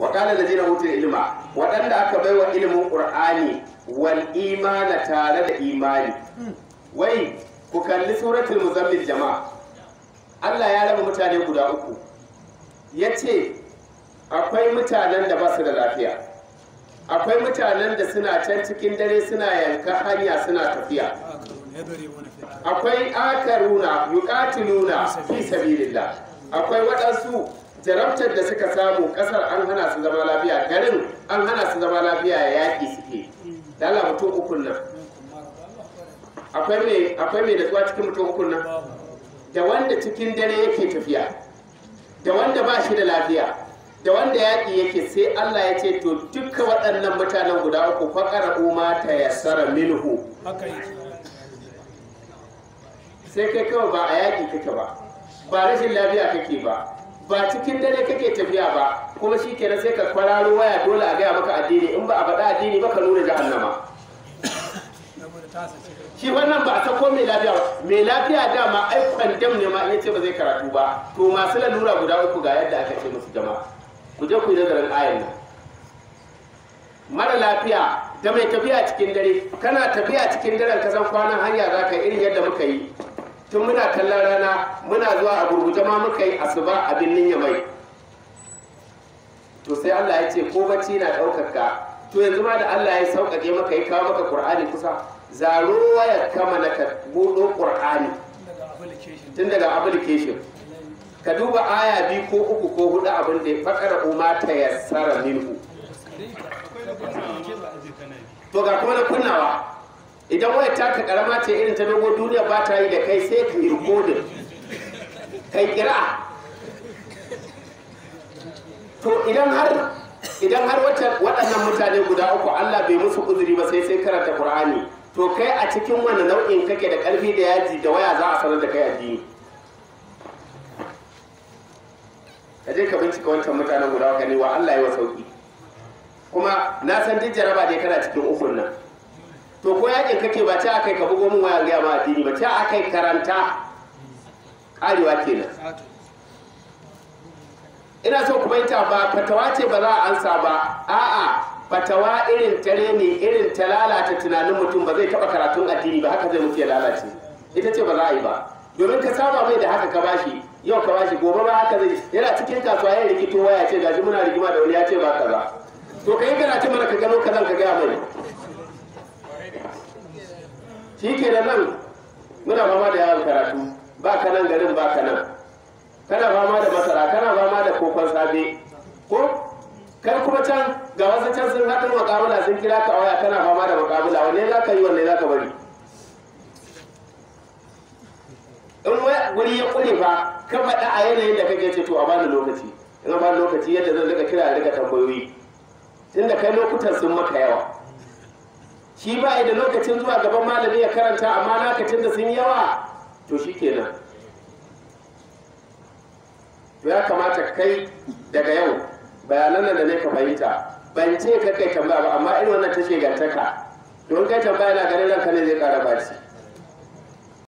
wa da jina utul ilma waɗanda aka baiwa ilimin ƙur'ani wal imana tare da imani wai ku kalli suratul muzammil jama'a Allah ya raba mutane guda uku Ya ce akwai mutanen da ba su da lafiya akwai mutanen da suna can cikin dare suna yanka hanya suna tafiya akwai akaruna yuqatiluna fi sabilillah akwai waɗansu jarabtar da suka samu ƙasar an hana su zama lafiya garin an hana su zama lafiya ya yaƙi suke dala mutum ukun nan akwai mai natsuwa cikin mutum ukun nan da wanda cikin dare yake tafiya da wanda ba shi da lafiya da wanda yaƙi yake sai Allah ya ce to duka waɗannan mutanen guda uku faƙara umma ta yassara minhu sai kai kawai ba a yaƙi kake ba ba rashin lafiya kake ba ba cikin dare kake tafiya ba kuma shi kenan sai ka kwararo waya dole a gaya maka addini in ba a faɗa addini ba ka nuna jahannama shi wannan ba a sako mai lafiya ba mai lafiya dama ai kwandam ne ma in ce ba zai karatu ba to masu lalura guda uku ga yadda aka ce musu jama'a ku je ku yi nazarin ayan nan mara lafiya da mai tafiya cikin dare kana tafiya cikin daren ka san kwanan hanya za ka irin yadda muka yi tun muna kallon rana muna zuwa a gurguje ma muka yi asuba a birnin yamai to sai Allah ya ce ko bacci na ɗaukaka to yanzu ma da Allah ya sauƙaƙe maka yi kawo maka Qur'ani kusa zaro waya kama na ka buɗo Qur'ani tun daga application ka duba aya biyu ko uku ko hudu abin da ya fakara umma ta yassara minhu to ga kuma na kunnawa idan wayar taka karama ce irin ta dogo duniya ba ta yi da kai sai ka yi rikodin kai kira to idan har idan har waɗannan mutane guda uku Allah bai musu uzuri ba sai sai karanta Qur'ani to kai a cikin wani nau'in kake da ƙarfi da yaji da waya za a sanar da kai addini ka je ka bincika wancan mutanen guda wa Allah ya wa sauki kuma na san duk jaraba dai kana cikin ukun nan to ko yaƙin kake ba ta akai ka bugo mun waya ga ma addini ba ta kai karanta karewa kenan ina so ku ita ba fatawa ce ba za a ansa ba a'a fatawa irin tare ne irin ta lalata tunanin mutum ba zai taba karatun addini ba haka zai mutu ya lalace ita ce ba za a yi ba domin ka saba mai da haka ka bashi yau ka bashi gobe ba haka zai yana cikin kasuwa ya rikito waya ce gashi muna rigima da wani ya ce ba kaza to kai kana ce mana ka gano kazan ka gaya mai shi ke da nan muna fama da yawan karatu ba ka nan garin ba ka nan kana fama da masara kana fama da kokon safe ko kar kuma can ga wasu can sun haɗa makamula sun kira ka waya kana fama da makamula wanne za ka yi wanne za ka bari in wuri ya kure fa ka faɗa a yanayin da kake ce to a bani lokaci in a bani lokaci yadda zan rika kira rika tambayoyi tunda kai lokutan sun maka yawa shi ba da lokacin zuwa gaban malami ya karanta amma lokacin da sun yawa to shi kenan ya kamata kai daga yau bayanan da ne ka fahimta ban ce ka kai tambaya ba amma irin wannan ta gantaka don kai tambaya na ganin ranka ne zai kara baci